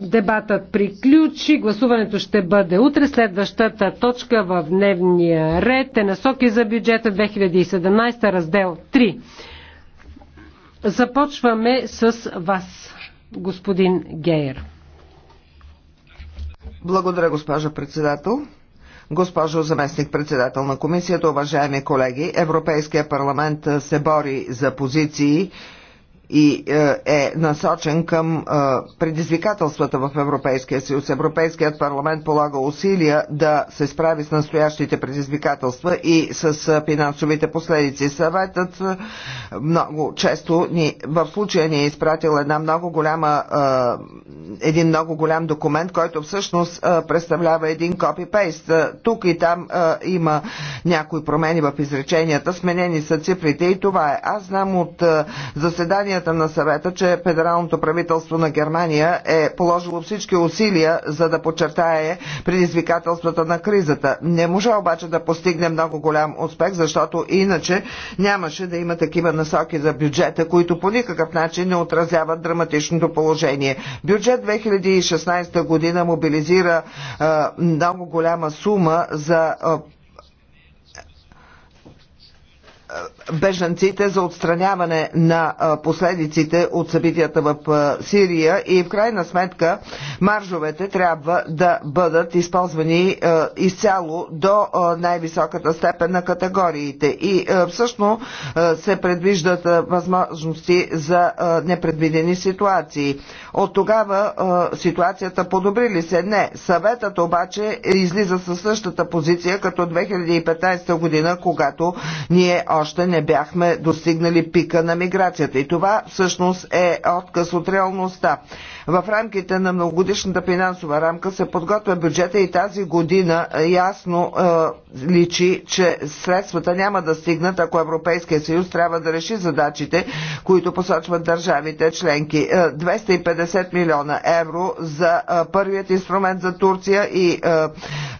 Дебатът приключи. Гласуването ще бъде утре. Следващата точка в дневния ред е насоки за бюджета 2017 раздел 3. Започваме с вас, господин Гейер. Благодаря, госпожа председател. Госпожо заместник председател на комисията, уважаеми колеги, Европейския парламент се бори за позиции и е, е насочен към е, предизвикателствата в Европейския съюз. Европейският парламент полага усилия да се справи с настоящите предизвикателства и с е, финансовите последици. Съветът много често ни, в случая ни е изпратил една много голяма, един много голям документ, който всъщност представлява един копипейст. Тук и там има някои промени в изреченията, сменени са цифрите и това е. Аз знам от заседания заключенията на съвета, че федералното правителство на Германия е положило всички усилия, за да подчертае предизвикателствата на кризата. Не може обаче да постигне много голям успех, защото иначе нямаше да има такива насоки за бюджета, които по никакъв начин не отразяват драматичното положение. Бюджет 2016 година мобилизира е, много голяма сума за е, бежанците за отстраняване на последиците от събитията в Сирия и в крайна сметка маржовете трябва да бъдат използвани изцяло до най-високата степен на категориите. И всъщност се предвиждат възможности за непредвидени ситуации. От тогава ситуацията подобри ли се? Не. Съветът обаче излиза със същата позиция като 2015 година, когато ние още не не бяхме достигнали пика на миграцията. И това всъщност е отказ от реалността. В рамките на многогодишната финансова рамка се подготвя бюджета и тази година е, ясно е, личи, че средствата няма да стигнат, ако Европейския съюз трябва да реши задачите, които посочват държавите членки. 250 е, милиона евро за е, първият инструмент за Турция и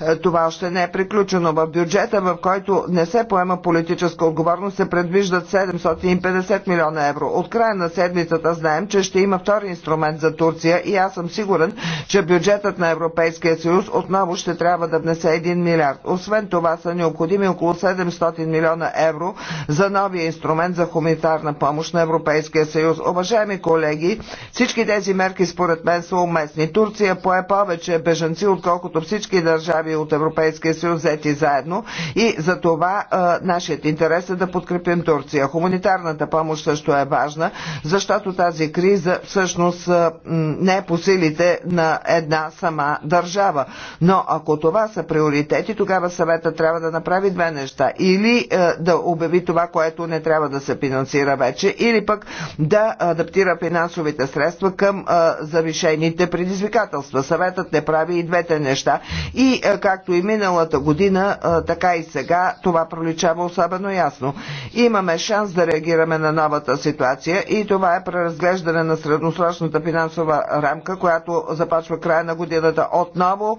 е, това още не е приключено. В бюджета, в който не се поема политическа отговорност, се предвиждат 750 милиона евро. От края на седмицата знаем, че ще има втори инструмент за Турция институция и аз съм сигурен, че бюджетът на Европейския съюз отново ще трябва да внесе 1 милиард. Освен това са необходими около 700 милиона евро за новия инструмент за хуманитарна помощ на Европейския съюз. Уважаеми колеги, всички тези мерки според мен са уместни. Турция пое повече бежанци, отколкото всички държави от Европейския съюз взети заедно и за това а, нашият интерес е да подкрепим Турция. Хуманитарната помощ също е важна, защото тази криза всъщност а, не е по силите на една сама държава. Но ако това са приоритети, тогава съвета трябва да направи две неща. Или е, да обяви това, което не трябва да се финансира вече, или пък да адаптира финансовите средства към е, завишените предизвикателства. Съветът не прави и двете неща. И е, както и миналата година, така и сега това проличава особено ясно. Имаме шанс да реагираме на новата ситуация и това е преразглеждане на средносрочната финансова рамка, която започва края на годината отново.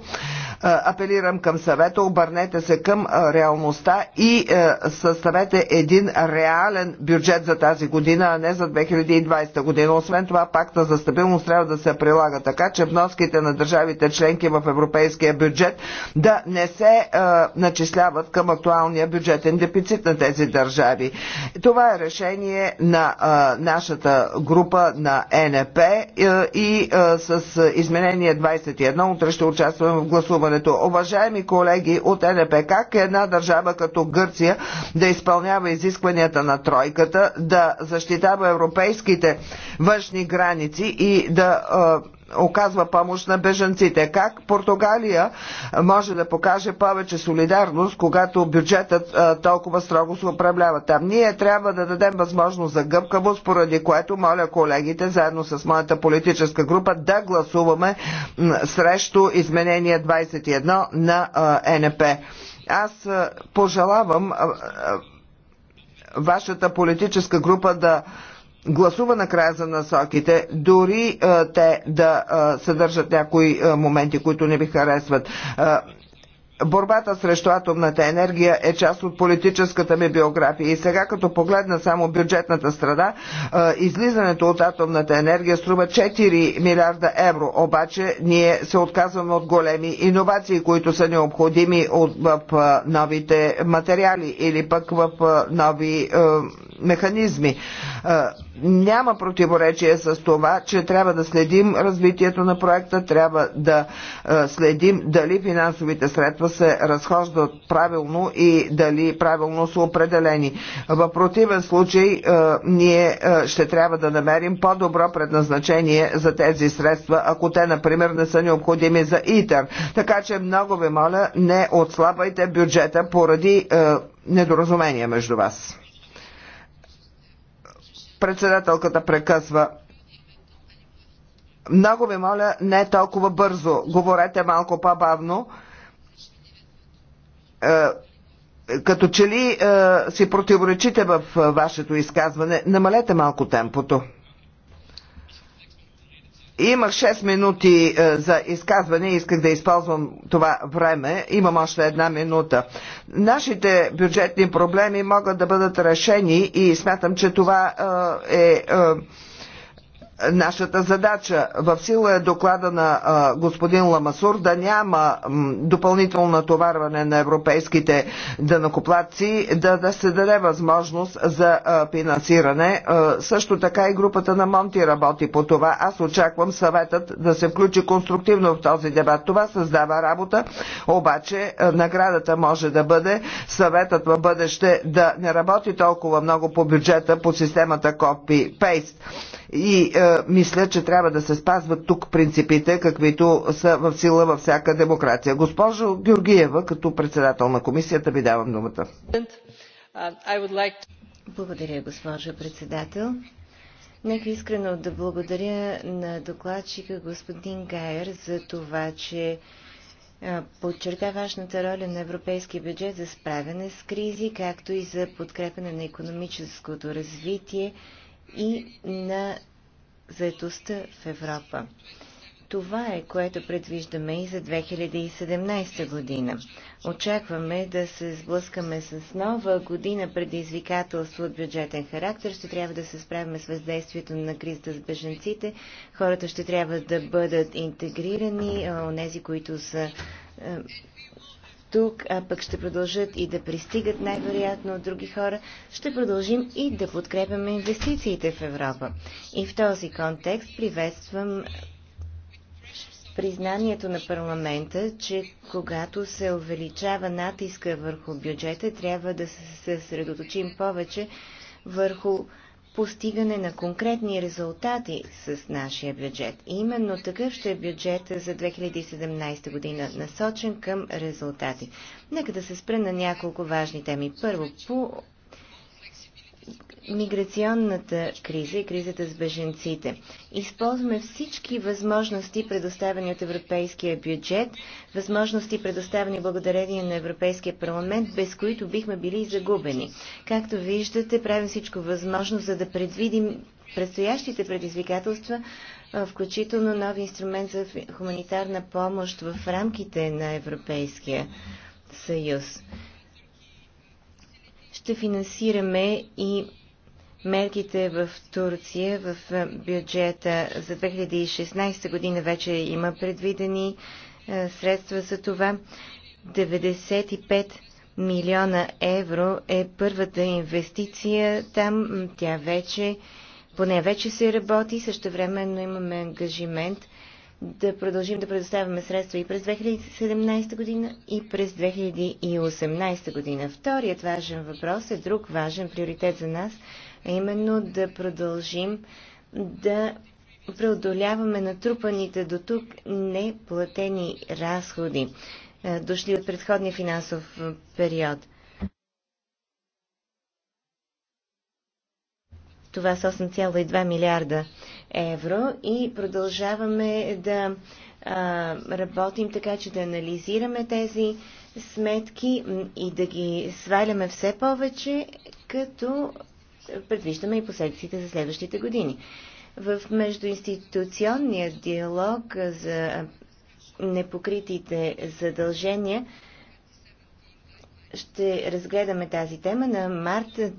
Е, апелирам към съвета, обърнете се към е, реалността и е, съставете един реален бюджет за тази година, а не за 2020 година. Освен това, пакта за стабилност трябва да се прилага така, че вноските на държавите членки в европейския бюджет да не се начисляват към актуалния бюджетен дефицит на тези държави. Това е решение на нашата група на НП и с изменение 21 утре ще участваме в гласуване гласуването. Уважаеми колеги от НП, как една държава като Гърция да изпълнява изискванията на тройката, да защитава европейските външни граници и да оказва помощ на бежанците. Как Португалия може да покаже повече солидарност, когато бюджетът толкова строго се управлява там? Ние трябва да дадем възможност за гъвкавост, поради което моля колегите, заедно с моята политическа група, да гласуваме срещу изменение 21 на НП. Аз пожелавам вашата политическа група да гласува накрая за насоките, дори а, те да а, съдържат някои а, моменти, които не ви харесват. А, Борбата срещу атомната енергия е част от политическата ми биография и сега като погледна само бюджетната страда, излизането от атомната енергия струва 4 милиарда евро, обаче ние се отказваме от големи иновации, които са необходими в новите материали или пък в нови механизми няма противоречие с това, че трябва да следим развитието на проекта, трябва да следим дали финансовите средства се разхождат правилно и дали правилно са определени. В противен случай ние ще трябва да намерим по-добро предназначение за тези средства, ако те, например, не са необходими за ИТЕР. Така че много ви моля, не отслабвайте бюджета поради недоразумение между вас. Председателката прекъсва. Много ви моля, не толкова бързо. Говорете малко по-бавно. Е, като че ли е, си противоречите в е, вашето изказване, намалете малко темпото. Имах 6 минути е, за изказване и исках да използвам това време. Имам още една минута. Нашите бюджетни проблеми могат да бъдат решени и смятам, че това е, е нашата задача. В сила е доклада на а, господин Ламасур да няма м, допълнително натоварване на европейските дънакоплатци, да, да се даде възможност за а, финансиране. А, също така и групата на Монти работи по това. Аз очаквам съветът да се включи конструктивно в този дебат. Това създава работа, обаче а, наградата може да бъде съветът в бъдеще да не работи толкова много по бюджета по системата Copy-Paste и е, мисля, че трябва да се спазват тук принципите, каквито са в сила във всяка демокрация. Госпожо Георгиева, като председател на комисията, ви давам думата. Благодаря, госпожо председател. Нека искрено да благодаря на докладчика господин Гайер за това, че е, подчерта важната роля на европейския бюджет за справяне с кризи, както и за подкрепане на економическото развитие и на заедостта в Европа. Това е, което предвиждаме и за 2017 година. Очакваме да се сблъскаме с нова година предизвикателство от бюджетен характер. Ще трябва да се справим с въздействието на кризата с беженците. Хората ще трябва да бъдат интегрирани, онези, които са е, тук, а пък ще продължат и да пристигат най-вероятно от други хора, ще продължим и да подкрепяме инвестициите в Европа. И в този контекст приветствам признанието на парламента, че когато се увеличава натиска върху бюджета, трябва да се съсредоточим повече върху постигане на конкретни резултати с нашия бюджет. И именно такъв ще е бюджет за 2017 година, насочен към резултати. Нека да се спра на няколко важни теми. Първо, по миграционната криза и кризата с беженците. Използваме всички възможности, предоставени от европейския бюджет, възможности, предоставени благодарение на Европейския парламент, без които бихме били загубени. Както виждате, правим всичко възможно, за да предвидим предстоящите предизвикателства, включително нови инструмент за хуманитарна помощ в рамките на Европейския съюз ще финансираме и мерките в Турция в бюджета за 2016 година вече има предвидени средства за това. 95 милиона евро е първата инвестиция там. Тя вече, поне вече се работи, също времено имаме ангажимент да продължим да предоставяме средства и през 2017 година, и през 2018 година. Вторият важен въпрос е друг важен приоритет за нас, а именно да продължим да преодоляваме натрупаните до тук неплатени разходи, е, дошли от предходния финансов е, период. Това са 8,2 милиарда евро и продължаваме да а, работим така, че да анализираме тези сметки и да ги сваляме все повече, като предвиждаме и последиците за следващите години. В междуинституционния диалог за непокритите задължения ще разгледаме тази тема на март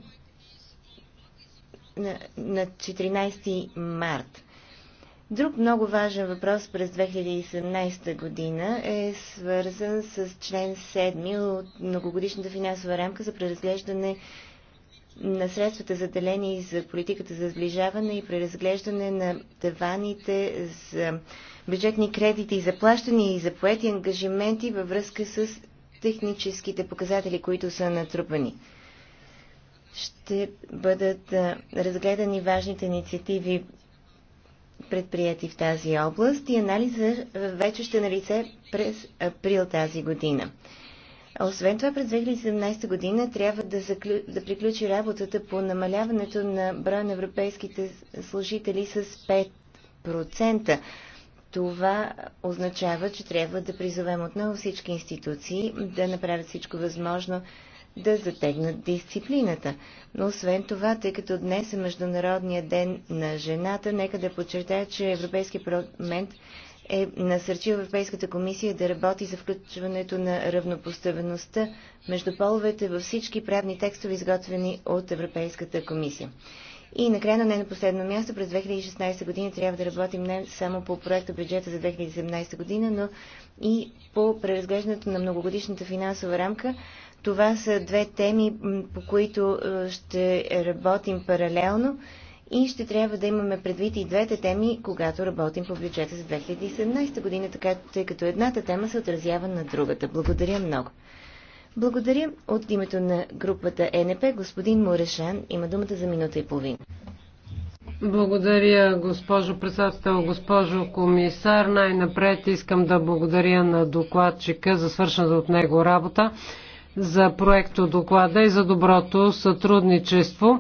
на, на 14 март. Друг много важен въпрос през 2017 година е свързан с член 7 от многогодишната финансова рамка за преразглеждане на средствата заделени за политиката за сближаване и преразглеждане на таваните за бюджетни кредити и заплащане и за поети ангажименти във връзка с техническите показатели, които са натрупани ще бъдат разгледани важните инициативи предприяти в тази област и анализа вече ще е налице през април тази година. Освен това, през 2017 година трябва да, заклю... да приключи работата по намаляването на броя на европейските служители с 5%. Това означава, че трябва да призовем отново всички институции да направят всичко възможно да затегнат дисциплината. Но освен това, тъй като днес е Международния ден на жената, нека да подчертая, че Европейския парламент е насърчил Европейската комисия да работи за включването на равнопоставеността между половете във всички правни текстове, изготвени от Европейската комисия. И накрая, но не на последно място, през 2016 година трябва да работим не само по проекта бюджета за 2017 година, но и по преразглеждането на многогодишната финансова рамка, това са две теми, по които е, ще работим паралелно и ще трябва да имаме предвид и двете теми, когато работим по бюджета за 2017 година, така тъй като едната тема се отразява на другата. Благодаря много. Благодаря от името на групата е НП. Господин Морешан има думата за минута и половина. Благодаря, госпожо председател, госпожо комисар. Най-напред искам да благодаря на докладчика за свършената от него работа за проекто доклада и за доброто сътрудничество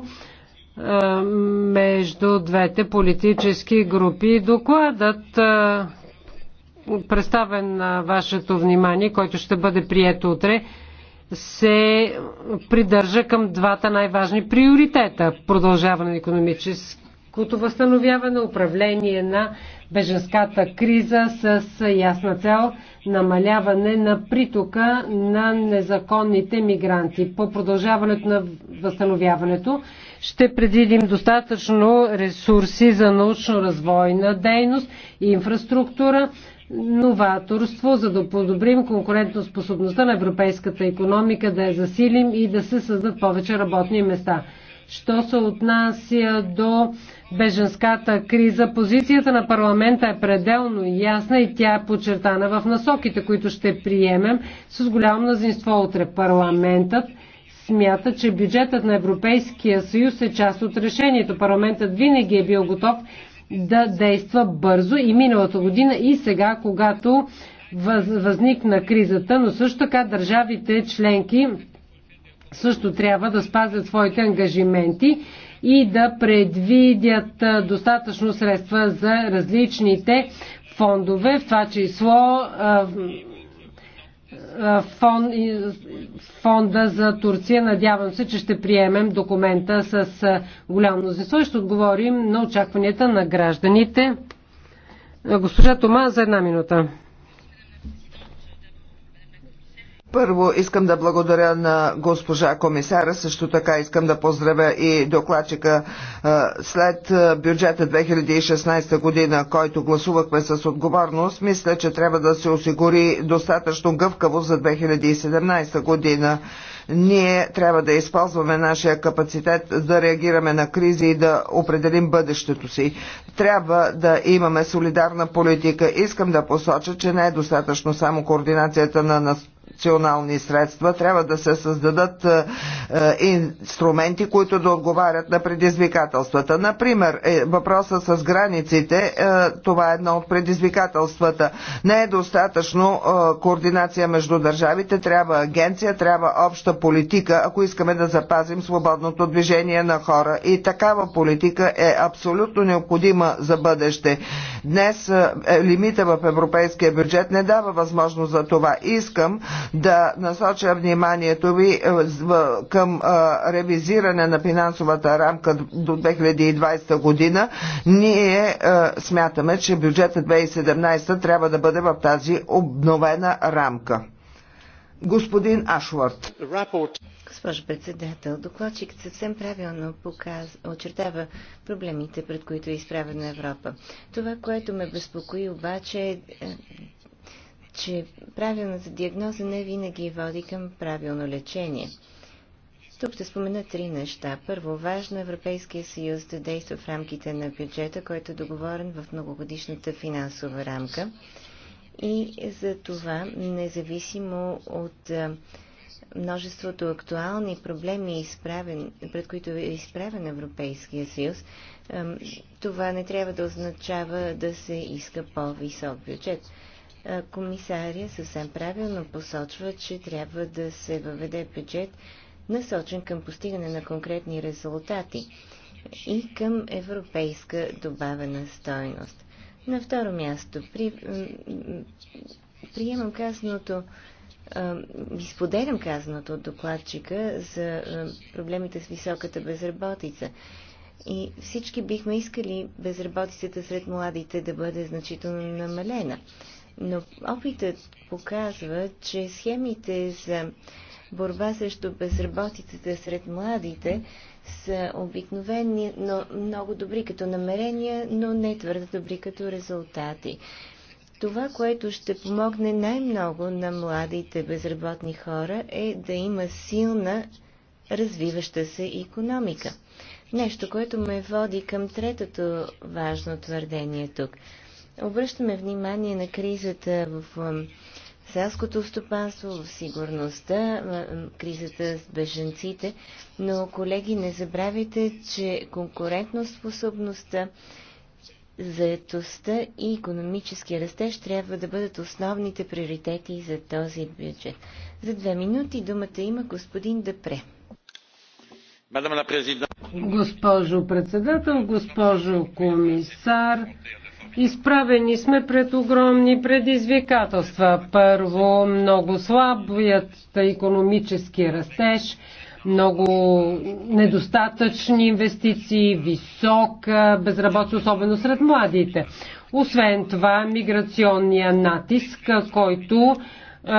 е, между двете политически групи. Докладът, е, представен на вашето внимание, който ще бъде прият утре, се придържа към двата най-важни приоритета. Продължаване на економически истинското възстановяване, управление на беженската криза с ясна цел намаляване на притока на незаконните мигранти. По продължаването на възстановяването ще предвидим достатъчно ресурси за научно-развойна дейност и инфраструктура, новаторство, за да подобрим конкурентоспособността на европейската економика, да я засилим и да се създадат повече работни места. Що се отнася до беженската криза, позицията на парламента е пределно ясна и тя е подчертана в насоките, които ще приемем с голямо мнозинство утре. Парламентът смята, че бюджетът на Европейския съюз е част от решението. Парламентът винаги е бил готов да действа бързо и миналата година и сега, когато възникна кризата, но също така държавите членки също трябва да спазят своите ангажименти и да предвидят достатъчно средства за различните фондове, в това число фон, фонда за Турция. Надявам се, че ще приемем документа с голямо мнозинство и ще отговорим на очакванията на гражданите. Госпожа Тома, за една минута. Първо искам да благодаря на госпожа комисара, също така искам да поздравя и докладчика след бюджета 2016 година, който гласувахме с отговорност. Мисля, че трябва да се осигури достатъчно гъвкаво за 2017 година ние трябва да използваме нашия капацитет да реагираме на кризи и да определим бъдещето си. Трябва да имаме солидарна политика. Искам да посоча, че не е достатъчно само координацията на корекционални средства. Трябва да се създадат е, е, инструменти, които да отговарят на предизвикателствата. Например, е, въпроса с границите, това е едно от предизвикателствата. Не е достатъчно координация между държавите, трябва агенция, трябва обща политика, ако искаме да запазим свободното движение на хора. И такава политика е абсолютно необходима за бъдеще. Днес лимита в европейския бюджет не дава възможност за това. Искам да насоча вниманието ви е, към е, ревизиране на финансовата рамка до 2020 година. Ние е, смятаме, че бюджетът 2017 трябва да бъде в тази обновена рамка. Господин Ашвард. Госпожо председател, докладчик съвсем правилно показ... очертава проблемите, пред които е изправена Европа. Това, което ме безпокои обаче е че правилната диагноза не винаги води към правилно лечение. Тук ще спомена три неща. Първо, важно е Европейския съюз да действа в рамките на бюджета, който е договорен в многогодишната финансова рамка. И за това, независимо от множеството актуални проблеми, изправен, пред които е изправен Европейския съюз, това не трябва да означава да се иска по-висок бюджет комисария съвсем правилно посочва, че трябва да се въведе бюджет насочен към постигане на конкретни резултати и към европейска добавена стойност. На второ място, при, приемам казаното изподелям казаното от докладчика за проблемите с високата безработица. И всички бихме искали безработицата сред младите да бъде значително намалена. Но опитът показва, че схемите за борба срещу безработицата сред младите са обикновени, но много добри като намерения, но не твърде добри като резултати. Това, което ще помогне най-много на младите безработни хора е да има силна развиваща се економика. Нещо, което ме води към третото важно твърдение тук – обръщаме внимание на кризата в селското стопанство, в сигурността, кризата с беженците, но, колеги, не забравяйте, че конкурентоспособността, заетостта и економически растеж трябва да бъдат основните приоритети за този бюджет. За две минути думата има господин Депре. Госпожо председател, госпожо комисар, Изправени сме пред огромни предизвикателства. Първо, много слабият економически растеж, много недостатъчни инвестиции, висока безработица, особено сред младите. Освен това, миграционния натиск, който е,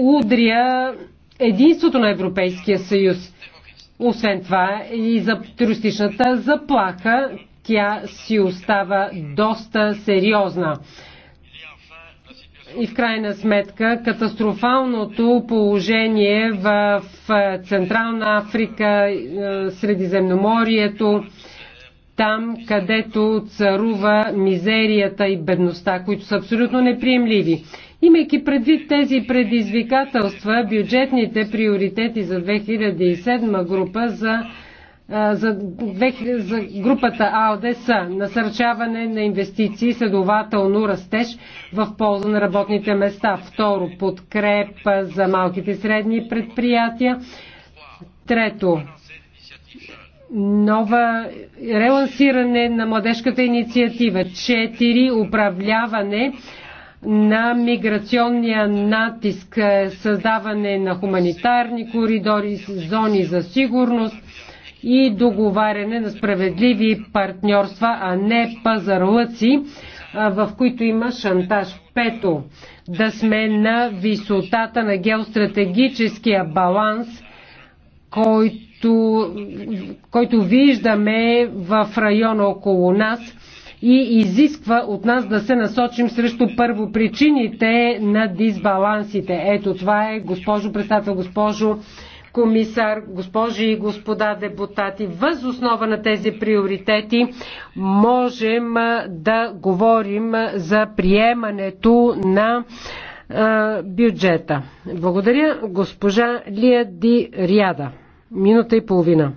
удря единството на Европейския съюз. Освен това и за терористичната заплаха, тя си остава доста сериозна. И в крайна сметка катастрофалното положение в Централна Африка, е, Средиземноморието, там където царува мизерията и бедността, които са абсолютно неприемливи. Имайки предвид тези предизвикателства, бюджетните приоритети за 2007 група за за, за групата АОД са насърчаване на инвестиции, следователно растеж в полза на работните места. Второ, подкрепа за малките и средни предприятия. Трето, нова релансиране на младежката инициатива. Четири, управляване на миграционния натиск, създаване на хуманитарни коридори, зони за сигурност и договаряне на справедливи партньорства, а не пазарлъци, в които има шантаж. Пето, да сме на висотата на геостратегическия баланс, който, който виждаме в района около нас и изисква от нас да се насочим срещу първопричините на дисбалансите. Ето това е, госпожо председател, госпожо комисар, госпожи и господа депутати, въз основа на тези приоритети можем да говорим за приемането на бюджета. Благодаря госпожа Лия Ди Ряда. Минута и половина.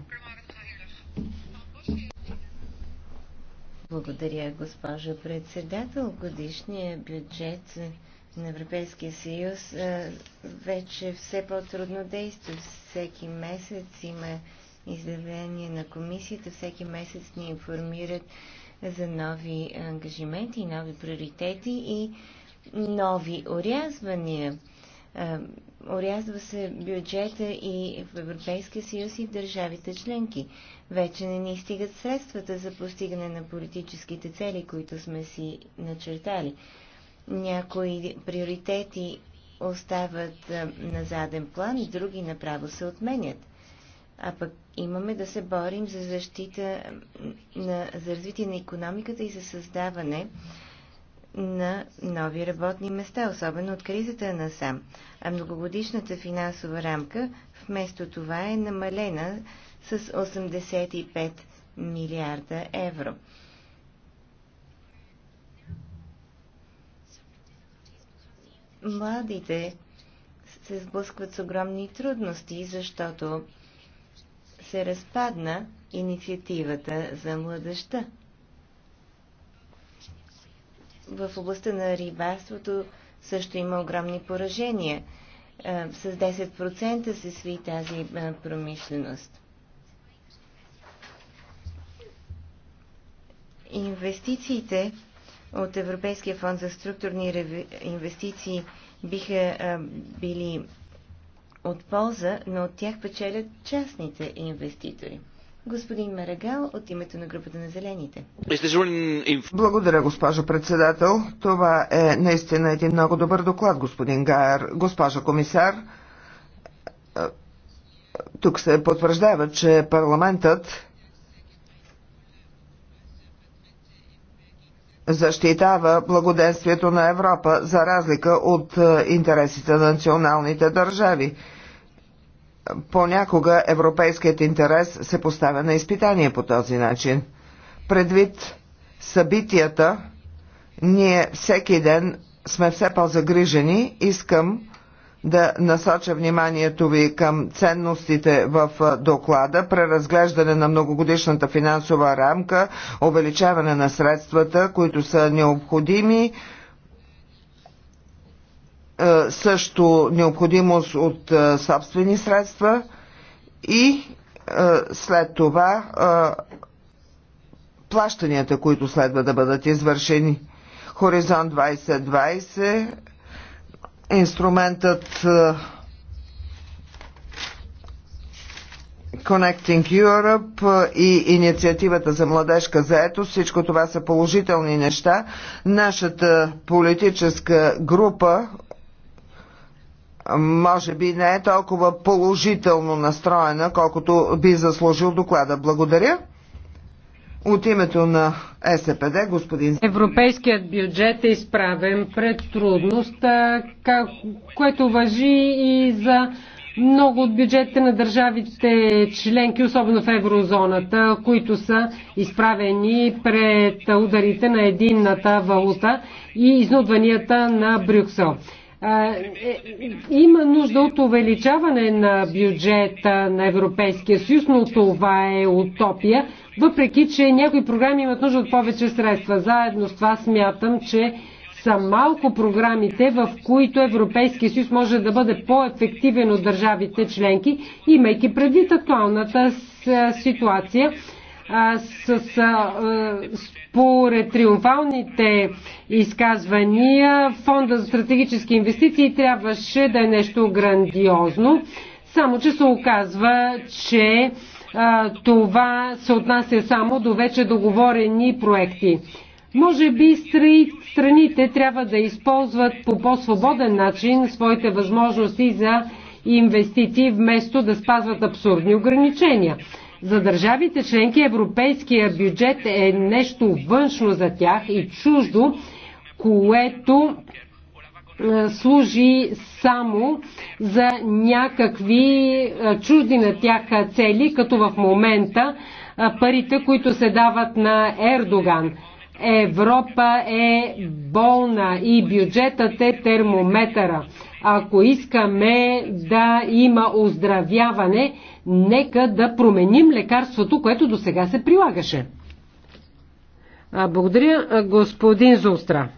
Благодаря, госпожа председател. Годишния бюджет на Европейския съюз вече все по-трудно действа. Всеки месец има изявление на комисията, всеки месец ни информират за нови ангажименти, нови приоритети и нови орязвания. Орязва се бюджета и в Европейския съюз и в държавите членки. Вече не ни стигат средствата за постигане на политическите цели, които сме си начертали. Някои приоритети остават на заден план, други направо се отменят. А пък имаме да се борим за защита, на, за развитие на економиката и за създаване на нови работни места, особено от кризата насам. А многогодишната финансова рамка вместо това е намалена с 85 милиарда евро. младите се сблъскват с огромни трудности, защото се разпадна инициативата за младеща. В областта на рибарството също има огромни поражения. Е, с 10% се сви тази е, промишленост. Инвестициите от Европейския фонд за структурни инвестиции биха били от полза, но от тях печелят частните инвеститори. Господин Марагал от името на групата на зелените. Благодаря, госпожо председател. Това е наистина един много добър доклад, господин Гайер. Госпожа комисар, тук се потвърждава, че парламентът защитава благоденствието на Европа, за разлика от е, интересите на националните държави. Понякога европейският интерес се поставя на изпитание по този начин. Предвид събитията, ние всеки ден сме все по-загрижени. Искам да насоча вниманието ви към ценностите в доклада, преразглеждане на многогодишната финансова рамка, увеличаване на средствата, които са необходими, също необходимост от собствени средства и след това плащанията, които следва да бъдат извършени. Хоризонт 2020 инструментът Connecting Europe и инициативата за младежка заето. Всичко това са положителни неща. Нашата политическа група може би не е толкова положително настроена, колкото би заслужил доклада. Благодаря. От името на СПД, господин... Европейският бюджет е изправен пред трудност, което въжи и за много от бюджетите на държавите членки, особено в еврозоната, които са изправени пред ударите на единната валута и изнудванията на Брюксел. Е, има нужда от увеличаване на бюджета на Европейския съюз, но това е утопия, въпреки че някои програми имат нужда от повече средства. Заедно с това смятам, че са малко програмите, в които Европейския съюз може да бъде по-ефективен от държавите членки, имайки предвид актуалната ситуация с, според триумфалните изказвания, фонда за стратегически инвестиции трябваше да е нещо грандиозно, само че се оказва, че това се отнася само до вече договорени проекти. Може би страните трябва да използват по по-свободен начин своите възможности за инвестиции, вместо да спазват абсурдни ограничения. За държавите членки европейския бюджет е нещо външно за тях и чуждо, което е, служи само за някакви е, чужди на тях цели, като в момента е, парите, които се дават на Ердоган. Европа е болна и бюджетът е термометъра. Ако искаме да има оздравяване, нека да променим лекарството, което до сега се прилагаше. Благодаря, господин Зустра.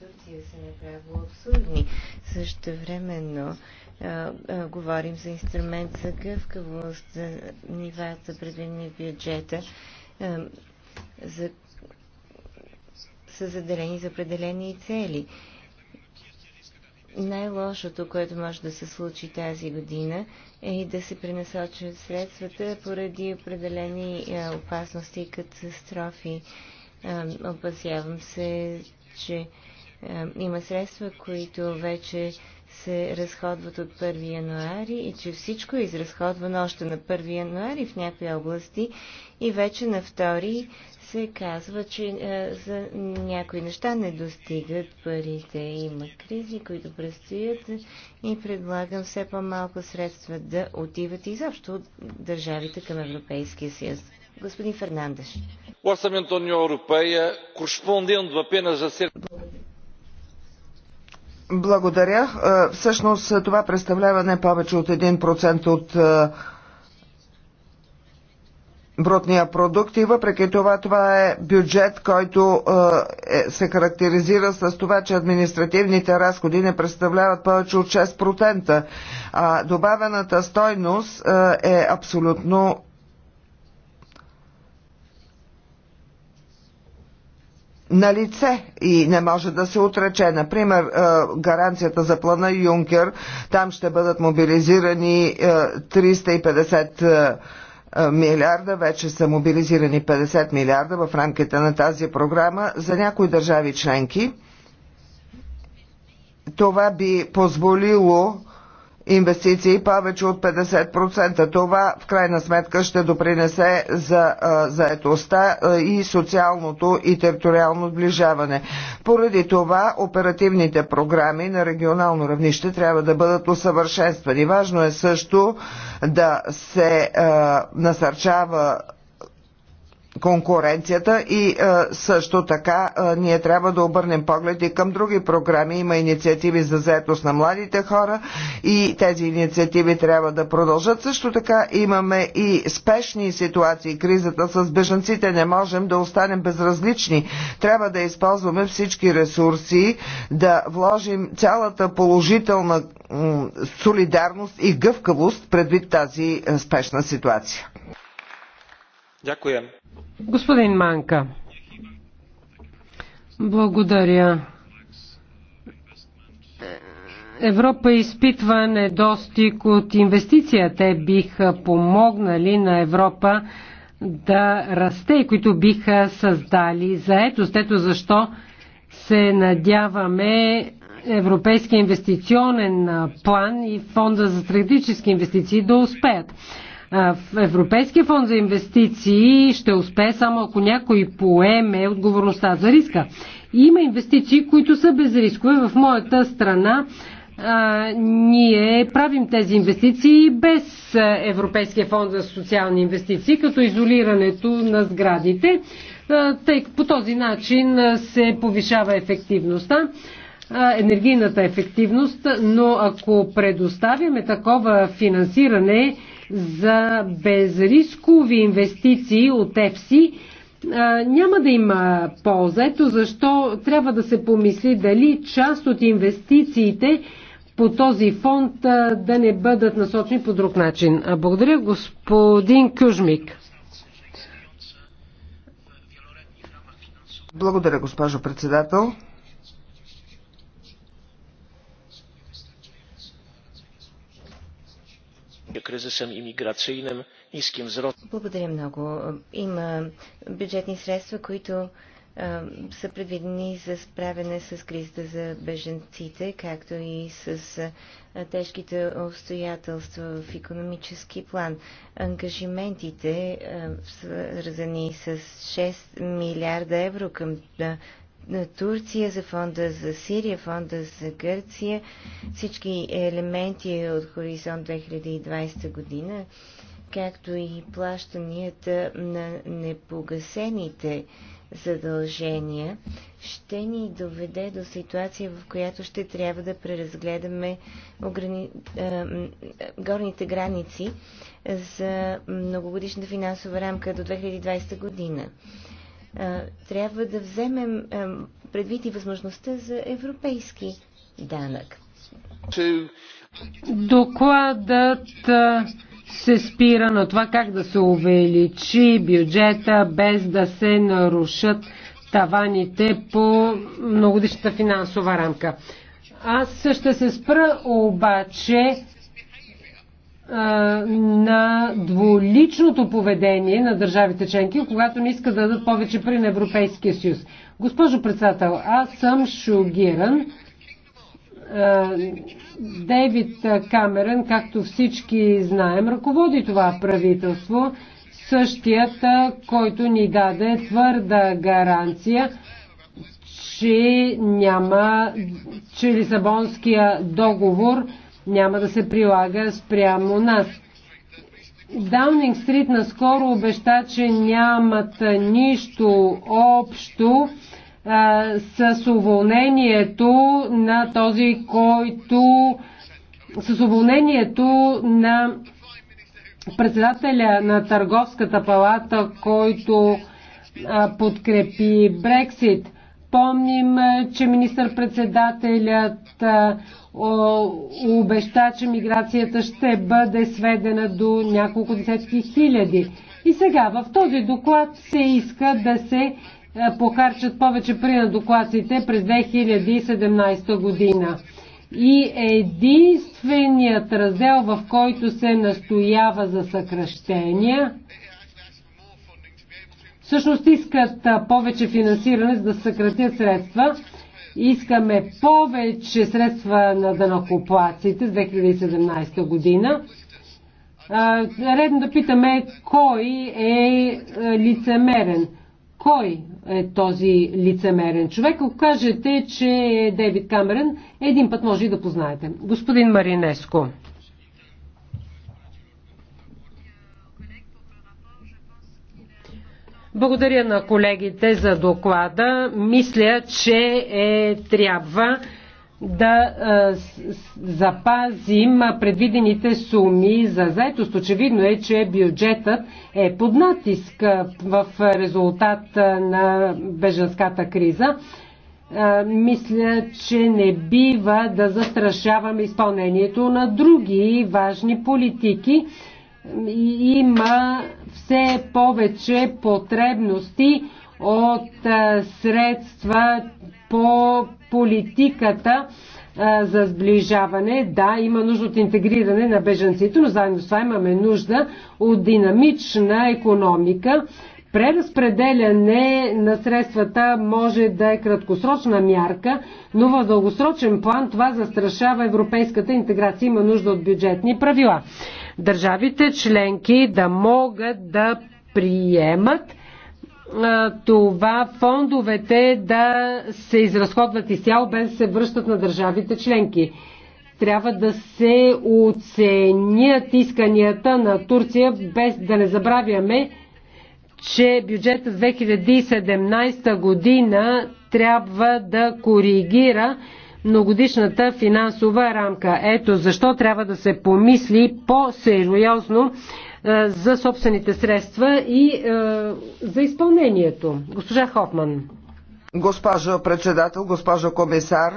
Турция са направо абсурдни. Също времено говорим за инструмент за гъвкавост, за нивата предвидени бюджета, а, за, са заделени за определени цели. Най-лошото, което може да се случи тази година, е и да се пренасочат средствата поради определени опасности и катастрофи. опасявам се, че е, има средства, които вече се разходват от 1 януари и че всичко е изразходвано още на 1 януари в някои области и вече на 2 се казва, че е, за някои неща не достигат парите. Има кризи, които предстоят и предлагам все по-малко средства да отиват изобщо от държавите към Европейския съюз. Господин Фернандеш. Благодаря. Е, всъщност е, това представлява не повече от 1% от е, брутния продукт и въпреки това това е бюджет, който е, се характеризира с това, че административните разходи не представляват повече от 6%, а добавената стойност е абсолютно на лице и не може да се отрече. Например, е, гаранцията за плана Юнкер, там ще бъдат мобилизирани 350 е, е, милиарда, вече са мобилизирани 50 милиарда в рамките на тази програма за някои държави членки. Това би позволило инвестиции повече от 50%. Това в крайна сметка ще допринесе за заетостта и социалното и териториално сближаване. Поради това оперативните програми на регионално равнище трябва да бъдат усъвършенствани. Важно е също да се насърчава конкуренцията и е, също така е, ние трябва да обърнем поглед и към други програми. Има инициативи за заетост на младите хора и тези инициативи трябва да продължат. Също така имаме и спешни ситуации. Кризата с бежанците не можем да останем безразлични. Трябва да използваме всички ресурси, да вложим цялата положителна солидарност и гъвкавост предвид тази е, спешна ситуация. Дякую Господин Манка, благодаря. Европа изпитва недостиг от инвестиция. Те биха помогнали на Европа да расте и които биха създали заетост. Ето защо се надяваме Европейския инвестиционен план и фонда за стратегически инвестиции да успеят. Европейския фонд за инвестиции ще успее само ако някой поеме отговорността за риска. Има инвестиции, които са без рискове. В моята страна а, ние правим тези инвестиции без Европейския фонд за социални инвестиции, като изолирането на сградите, тъй по този начин се повишава ефективността енергийната ефективност, но ако предоставяме такова финансиране, за безрискови инвестиции от ЕФСИ, няма да има полза. Ето защо трябва да се помисли дали част от инвестициите по този фонд да не бъдат насочени по друг начин. Благодаря, господин Кюжмик. Благодаря, госпожо председател. кризисом иммиграционным, низким взрослым. Благодаря много. Има бюджетни средства, които а, са предвидени за справяне с кризата за беженците, както и с а, тежките обстоятелства в економически план. Ангажиментите а, са с 6 милиарда евро към на Турция, за фонда за Сирия, фонда за Гърция, всички елементи от Хоризонт 2020 година, както и плащанията на непогасените задължения, ще ни доведе до ситуация, в която ще трябва да преразгледаме ограни... горните граници за многогодишната финансова рамка до 2020 година трябва да вземем предвид и възможността за европейски данък. Докладът се спира на това как да се увеличи бюджета без да се нарушат таваните по многодишната финансова рамка. Аз ще се спра обаче на дволичното поведение на държавите членки, когато не искат да дадат повече при на Европейския съюз. Госпожо председател, аз съм шогиран. Дейвид Камерен, както всички знаем, ръководи това правителство, същият, който ни даде твърда гаранция, че няма, че Лисабонския договор няма да се прилага спрямо нас. Даунинг Стрит наскоро обеща, че нямат нищо общо а, с уволнението на този, който с уволнението на председателя на Търговската палата, който а, подкрепи Брексит. Помним, е, че министър-председателят е, обеща, че миграцията ще бъде сведена до няколко десетки хиляди. И сега в този доклад се иска да се е, похарчат повече при на докладците през 2017 година. И единственият раздел, в който се настоява за съкръщения, всъщност искат повече финансиране, за да съкратят средства. Искаме повече средства на данокоплаците с 2017 година. Редно да питаме кой е лицемерен. Кой е този лицемерен човек? Ако кажете, че е Дейвид Камерен, един път може и да познаете. Господин Маринеско. Благодаря на колегите за доклада. Мисля, че е, трябва да е, запазим предвидените суми за заетост. Очевидно е, че бюджетът е под натиск в резултат на беженската криза. Е, мисля, че не бива да застрашаваме изпълнението на други важни политики. Има все повече потребности от средства по политиката за сближаване. Да, има нужда от интегриране на беженците, но заедно с това имаме нужда от динамична економика, Преразпределяне на средствата може да е краткосрочна мярка, но в дългосрочен план това застрашава европейската интеграция. Има нужда от бюджетни правила. Държавите членки да могат да приемат това фондовете да се изразходват изцяло, без да се връщат на държавите членки. Трябва да се оценят исканията на Турция, без да не забравяме, че бюджета 2017 година трябва да коригира многодишната финансова рамка. Ето защо трябва да се помисли по-сериозно е, за собствените средства и е, за изпълнението. Госпожа Хофман. Госпожо председател, госпожа комисар, е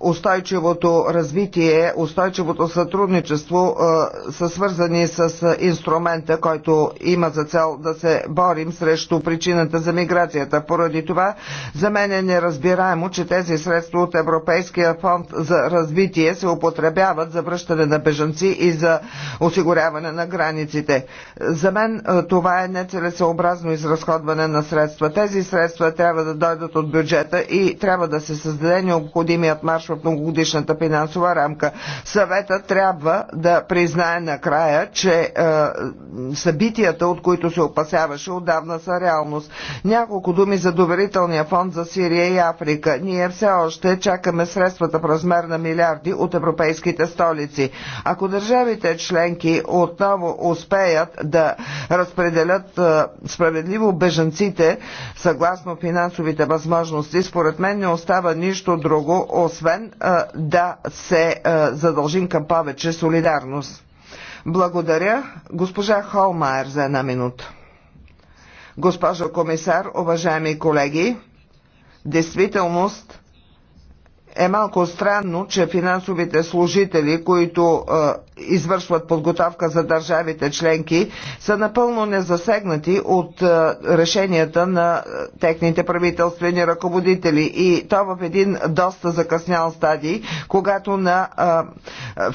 устойчивото развитие, устойчивото сътрудничество а, са свързани с инструмента, който има за цел да се борим срещу причината за миграцията. Поради това за мен е неразбираемо, че тези средства от Европейския фонд за развитие се употребяват за връщане на бежанци и за осигуряване на границите. За мен а, това е нецелесообразно изразходване на средства. Тези средства трябва да дойдат от бюджета и трябва да се създаде необходимият марш започват многогодишната финансова рамка. Съвета трябва да признае накрая, че е, събитията, от които се опасяваше, отдавна са реалност. Няколко думи за доверителния фонд за Сирия и Африка. Ние все още чакаме средствата в размер на милиарди от европейските столици. Ако държавите членки отново успеят да разпределят е, справедливо бежанците, съгласно финансовите възможности, според мен не остава нищо друго, освен ден да се задължим към повече солидарност. Благодаря. Госпожа Холмайер за една минута. Госпожо комисар, уважаеми колеги, действителност е малко странно, че финансовите служители, които е, извършват подготовка за държавите членки, са напълно незасегнати от е, решенията на техните правителствени ръководители. И то в един доста закъснял стадий, когато на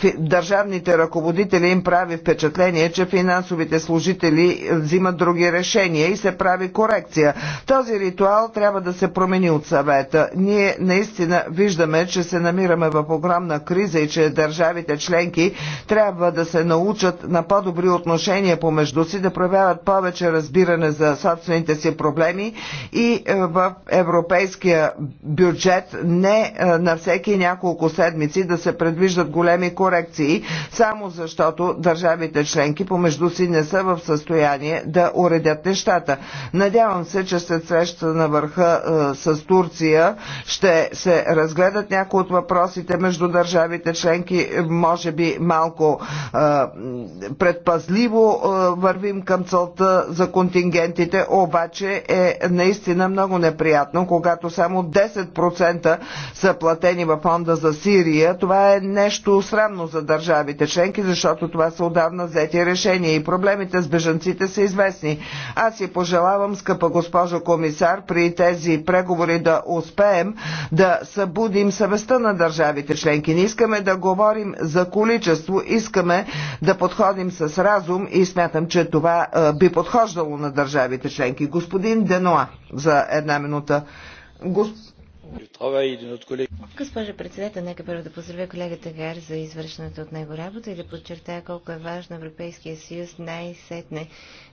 е, държавните ръководители им прави впечатление, че финансовите служители взимат други решения и се прави корекция. Този ритуал трябва да се промени от съвета. Ние наистина виждаме виждаме, че се намираме в огромна криза и че държавите членки трябва да се научат на по-добри отношения помежду си, да проявяват повече разбиране за собствените си проблеми и е, в европейския бюджет не е, на всеки няколко седмици да се предвиждат големи корекции, само защото държавите членки помежду си не са в състояние да уредят нещата. Надявам се, че след среща на върха е, с Турция ще се разгледат поставят някои от въпросите между държавите членки, може би малко а, е, предпазливо а, е, вървим към целта за контингентите, обаче е наистина много неприятно, когато само 10% са платени във фонда за Сирия. Това е нещо срамно за държавите членки, защото това са отдавна взети решения и проблемите с бежанците са известни. Аз си пожелавам, скъпа госпожо комисар, при тези преговори да успеем да събудим намалим съвестта на държавите членки. Не искаме да говорим за количество, искаме да подходим с разум и смятам, че това би подхождало на държавите членки. Господин Денуа, за една минута. Господин Госпожа председател, нека първо да поздравя колегата Гар за извършената от него работа и да подчертая колко е важно Европейския съюз най-сетне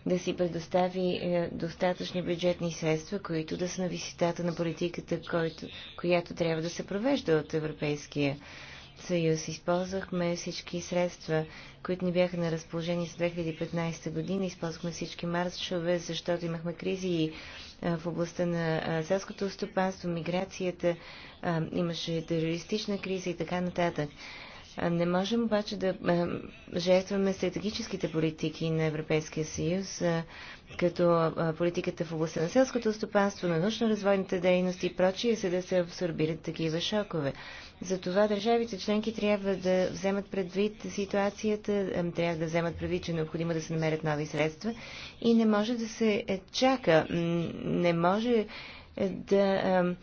да си предостави е, достатъчни бюджетни средства, които да са на висотата на политиката, който, която трябва да се провежда от Европейския съюз. Използвахме всички средства, които ни бяха на разположение с 2015 година. Използвахме всички маршове, защото имахме кризи и в областта на селското стопанство, миграцията, имаше терористична криза и така нататък. Не можем обаче да жертваме стратегическите политики на Европейския съюз, като политиката в областта на селското стопанство, на научно-развойните дейности и прочие, за да се абсорбират такива шокове. Затова държавите членки трябва да вземат предвид ситуацията, трябва да вземат предвид, че е необходимо да се намерят нови средства и не може да се е, чака. Не може е, да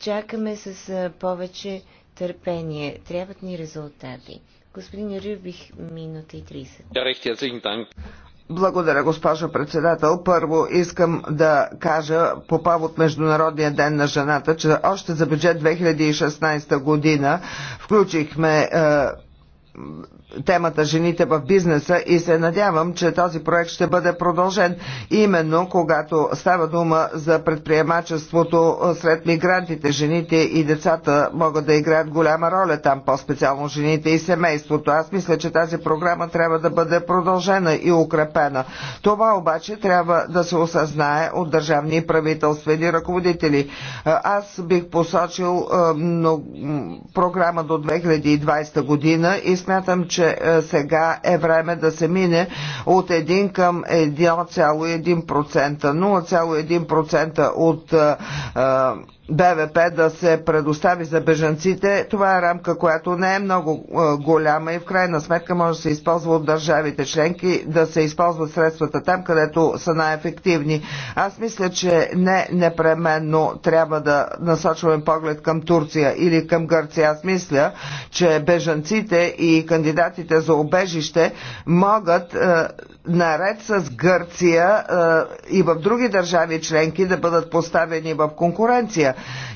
чакаме с повече търпение. Трябват ни резултати. Господин Рюбих, минута и 30. Благодаря, госпожо председател. Първо искам да кажа по повод Международния ден на жената, че още за бюджет 2016 година включихме е, темата жените в бизнеса и се надявам, че този проект ще бъде продължен именно когато става дума за предприемачеството сред мигрантите. Жените и децата могат да играят голяма роля там, по-специално жените и семейството. Аз мисля, че тази програма трябва да бъде продължена и укрепена. Това обаче трябва да се осъзнае от държавни правителствени ръководители. Аз бих посочил програма до 2020 година и смятам, че че е, сега е време да се мине от 1 към 1,1%. 0,1% от е, е, БВП да се предостави за бежанците, това е рамка, която не е много е, голяма и в крайна сметка може да се използва от държавите членки, да се използват средствата там, където са най-ефективни. Аз мисля, че не непременно трябва да насочваме поглед към Турция или към Гърция. Аз мисля, че бежанците и кандидатите за обежище могат е, наред с Гърция е, и в други държави членки да бъдат поставени в конкуренция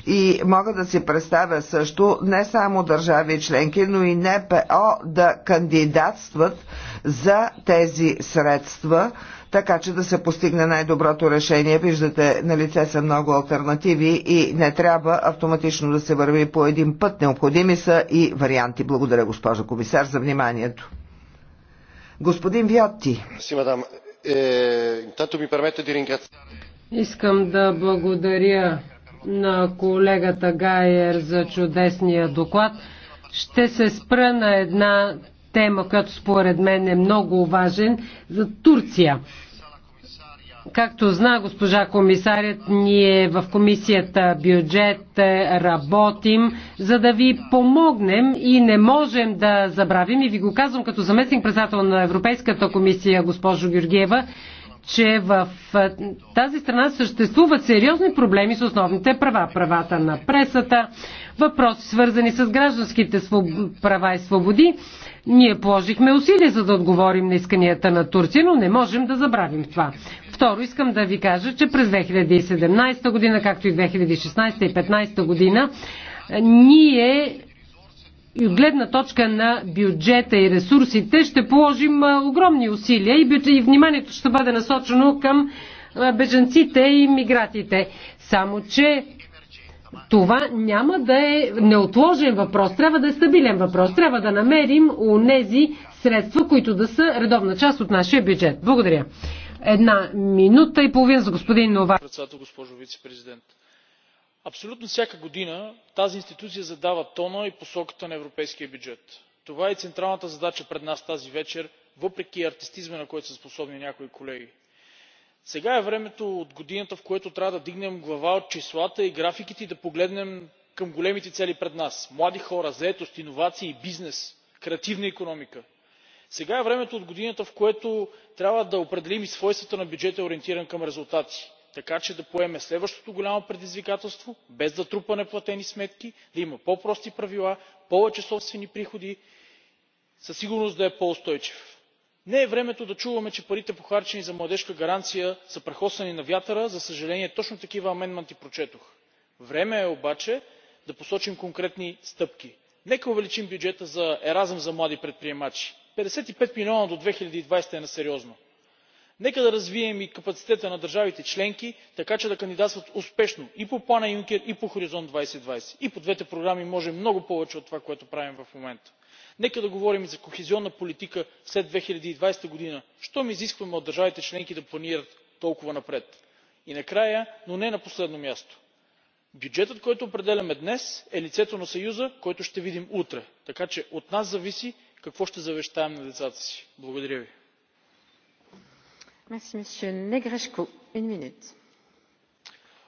и мога да си представя също не само държави членки, но и НПО да кандидатстват за тези средства, така че да се постигне най-доброто решение. Виждате, на лице са много альтернативи и не трябва автоматично да се върви по един път. Необходими са и варианти. Благодаря, госпожа комисар, за вниманието. Господин Виотти. Е, Искам да благодаря на колегата Гайер за чудесния доклад. Ще се спра на една тема, която според мен е много важен за Турция. Както зна госпожа комисарят, ние в комисията бюджет работим, за да ви помогнем и не можем да забравим, и ви го казвам като заместник председател на Европейската комисия, госпожо Георгиева, че в тази страна съществуват сериозни проблеми с основните права. Правата на пресата, въпроси свързани с гражданските права и свободи. Ние положихме усилия за да отговорим на исканията на Турция, но не можем да забравим това. Второ, искам да ви кажа, че през 2017 година, както и 2016 и 2015 година, ние гледна точка на бюджета и ресурсите ще положим огромни усилия и, бюджет, и вниманието ще бъде насочено към беженците и мигратите. Само, че това няма да е неотложен въпрос, трябва да е стабилен въпрос. Трябва да намерим у нези средства, които да са редовна част от нашия бюджет. Благодаря. Една минута и половина за господин Нова. Председател, госпожо вице-президент абсолютно всяка година тази институция задава тона и посоката на европейския бюджет. това е и централната задача пред нас тази вечер въпреки артистизма на който са способни някои колеги. сега е времето от годината в което трябва да вдигнем глава от числата и графиките и да погледнем към големите цели пред нас млади хора заетост иновации бизнес креативна икономика. сега е времето от годината в което трябва да определим и свойствата на бюджета ориентиран към резултати така че да поеме следващото голямо предизвикателство без да трупа неплатени сметки да има по прости правила повече собствени приходи със сигурност да е по устойчив. не е времето да чуваме че парите похарчени за младежка гаранция са прахосани на вятъра. за съжаление точно такива аменманти прочетох. време е обаче да посочим конкретни стъпки. нека увеличим бюджета за еразъм за млади предприемачи. петдесет и пет милиона до две хиляди и двадесета е несериозно нека да развием и капацитета на държавите членки така че да кандидатстват успешно и по плана юнкер и по хоризонт two thousand and twenty и по двете програми може много повече от това което правим в момента. нека да говорим и за кохезионна политика след две хиляди и двадесета година щом изискваме от държавите членки да планират толкова напред. и накрая но не на последно място бюджетът който определяме днес е лицето на съюза който ще видим утре така че от нас зависи какво ще завещаем на децата си. благодаря ви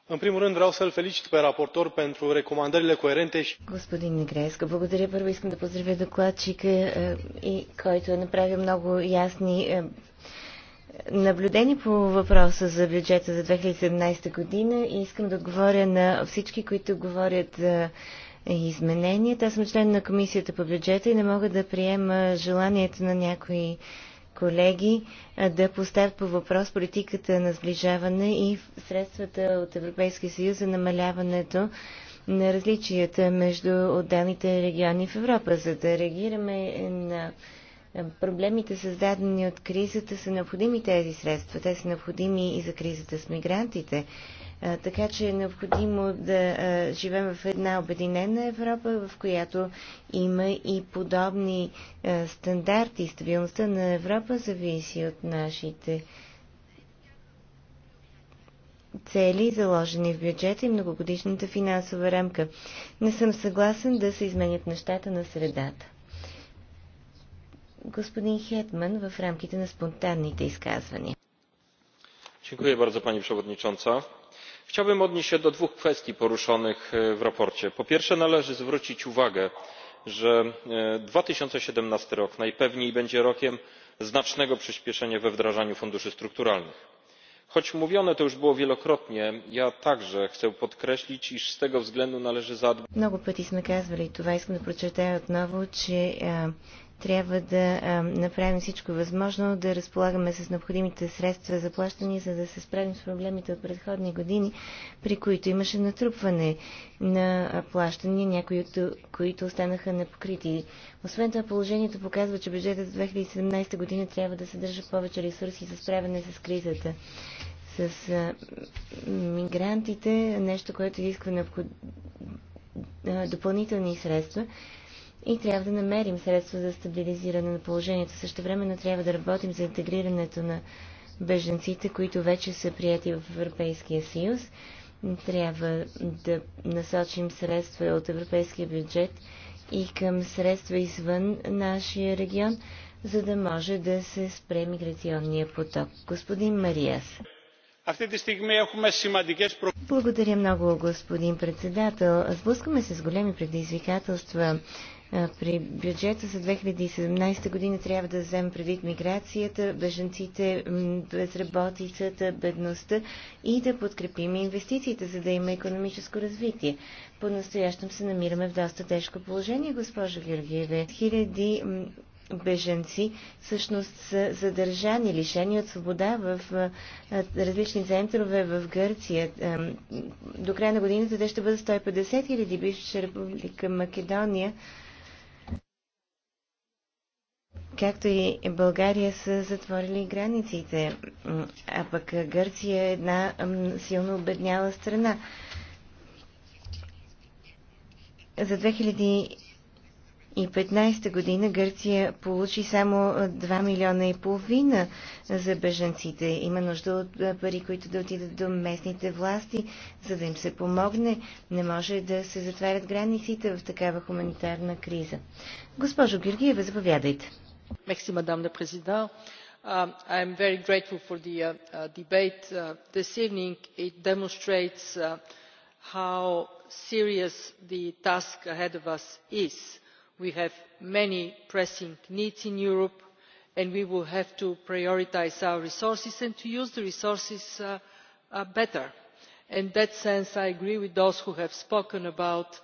în primul rând vreau să îl felicit pe raportor pentru recomandările coerente și. Господин Негреско, благодаря. Първо искам да поздравя докладчика, е, който е направил много ясни е, наблюдени по въпроса за бюджета за 2017 година и искам да отговоря на всички, които говорят за изменения. Аз съм член на Комисията по бюджета и не мога да приема желанието на някои колеги да поставят по въпрос политиката на сближаване и средствата от Европейския съюз за намаляването на различията между отделните региони в Европа. За да реагираме на проблемите, създадени от кризата, са необходими тези средства. Те са необходими и за кризата с мигрантите. Е, така че е необходимо да е, живеем в една обединена Европа, в която има и подобни е, стандарти. Стабилността на Европа зависи от нашите цели, заложени в бюджета и многогодишната финансова рамка. Не съм съгласен да се изменят нещата на средата. Господин Хетман в рамките на спонтанните изказвания. Dziękuję bardzo Pani Przewodnicząca chciałbym odnieść się do dwóch kwestii poruszonych w sprawozdaniu. po pierwsze należy zwrócić uwagę że dwa tysiące siedemnaście rok najpewniej będzie rokiem znacznego przyspieszenia we wdrażaniu funduszy strukturalnych. choć mówione to już było wielokrotnie ja także chcę podkreślić iż z tego względu należy zadbać трябва да а, направим всичко възможно, да разполагаме с необходимите средства за плащане, за да се справим с проблемите от предходни години, при които имаше натрупване на плащания, някои от които останаха непокрити. Освен това, положението показва, че бюджетът за 2017 година трябва да съдържа повече ресурси за справяне с кризата. С а, мигрантите, нещо, което изисква необход... допълнителни средства, и трябва да намерим средства за стабилизиране на положението. Също времено трябва да работим за интегрирането на беженците, които вече са прияти в Европейския съюз. Трябва да насочим средства от европейския бюджет и към средства извън нашия регион, за да може да се спре миграционния поток. Господин Мариас. Благодаря много, господин председател. Сблъскаме се с големи предизвикателства при бюджета за 2017 година трябва да вземем предвид миграцията, беженците, безработицата, бедността и да подкрепим инвестициите, за да има економическо развитие. По-настоящем се намираме в доста тежко положение, госпожо Георгиеве. Хиляди беженци всъщност са задържани, лишени от свобода в различни центрове в Гърция. До края на годината те ще бъдат 150 хиляди бивша република Македония както и България, са затворили границите, а пък Гърция е една силно обедняла страна. За 2015 година Гърция получи само 2 милиона и половина за бежанците. Има нужда от пари, които да отидат до местните власти, за да им се помогне. Не може да се затварят границите в такава хуманитарна криза. Госпожо Георгиева, заповядайте madam president i am very grateful for the debate this evening. it demonstrates how serious the task ahead of us is. we have many pressing needs in europe and we will have to prioritise our resources and to use the resources better. in that sense i agree with those who have spoken about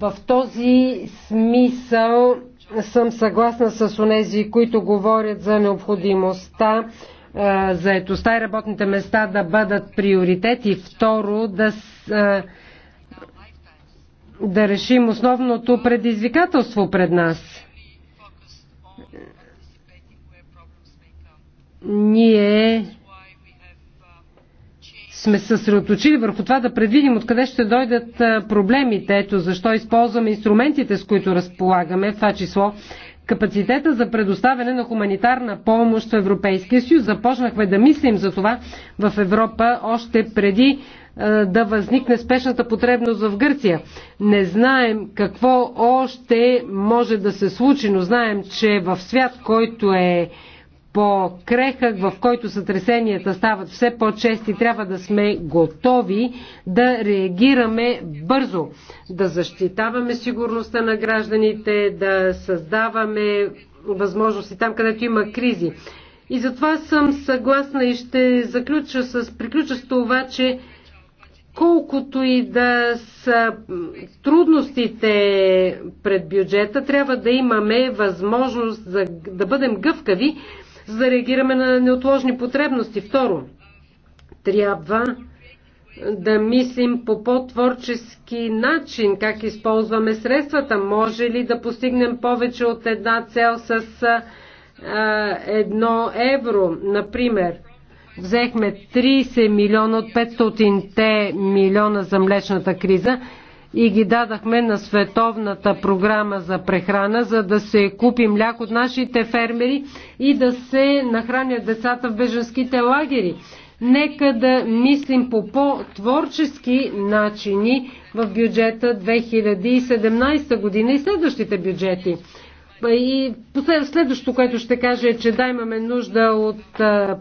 в този смисъл съм съгласна с онези, които говорят за необходимостта е, заетостта и работните места да бъдат приоритет и второ да, е, да решим основното предизвикателство пред нас. Ние сме съсредоточили върху това да предвидим откъде ще дойдат проблемите. Ето защо използваме инструментите, с които разполагаме, в това число капацитета за предоставяне на хуманитарна помощ в Европейския съюз. Започнахме да мислим за това в Европа още преди да възникне спешната потребност в Гърция. Не знаем какво още може да се случи, но знаем, че в свят, който е по-крехък, в който сътресенията стават все по-чести, трябва да сме готови да реагираме бързо, да защитаваме сигурността на гражданите, да създаваме възможности там, където има кризи. И затова съм съгласна и ще заключа с, приключа с това, че колкото и да са трудностите пред бюджета, трябва да имаме възможност за, да бъдем гъвкави за да реагираме на неотложни потребности. Второ, трябва да мислим по по-творчески начин, как използваме средствата. Може ли да постигнем повече от една цел с а, едно евро, например? Взехме 30 милиона от 500-те милиона за млечната криза и ги дадахме на световната програма за прехрана, за да се купи мляко от нашите фермери и да се нахранят децата в беженските лагери. Нека да мислим по по-творчески начини в бюджета 2017 година и следващите бюджети. И следващото, което ще кажа е, че да, имаме нужда от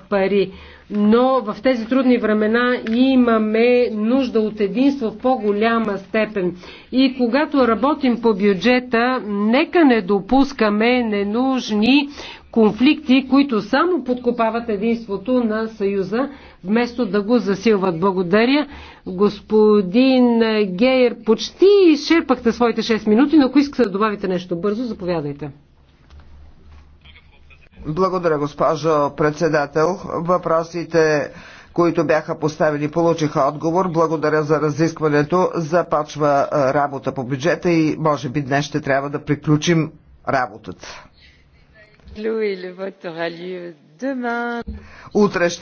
пари но в тези трудни времена имаме нужда от единство в по-голяма степен. И когато работим по бюджета, нека не допускаме ненужни конфликти, които само подкопават единството на Съюза, вместо да го засилват. Благодаря. Господин Гейер, почти изчерпахте своите 6 минути, но ако искате да добавите нещо бързо, заповядайте. Благодаря, госпожо председател. Въпросите които бяха поставени, получиха отговор. Благодаря за разискването. Започва работа по бюджета и може би днес ще трябва да приключим работата. Утре ще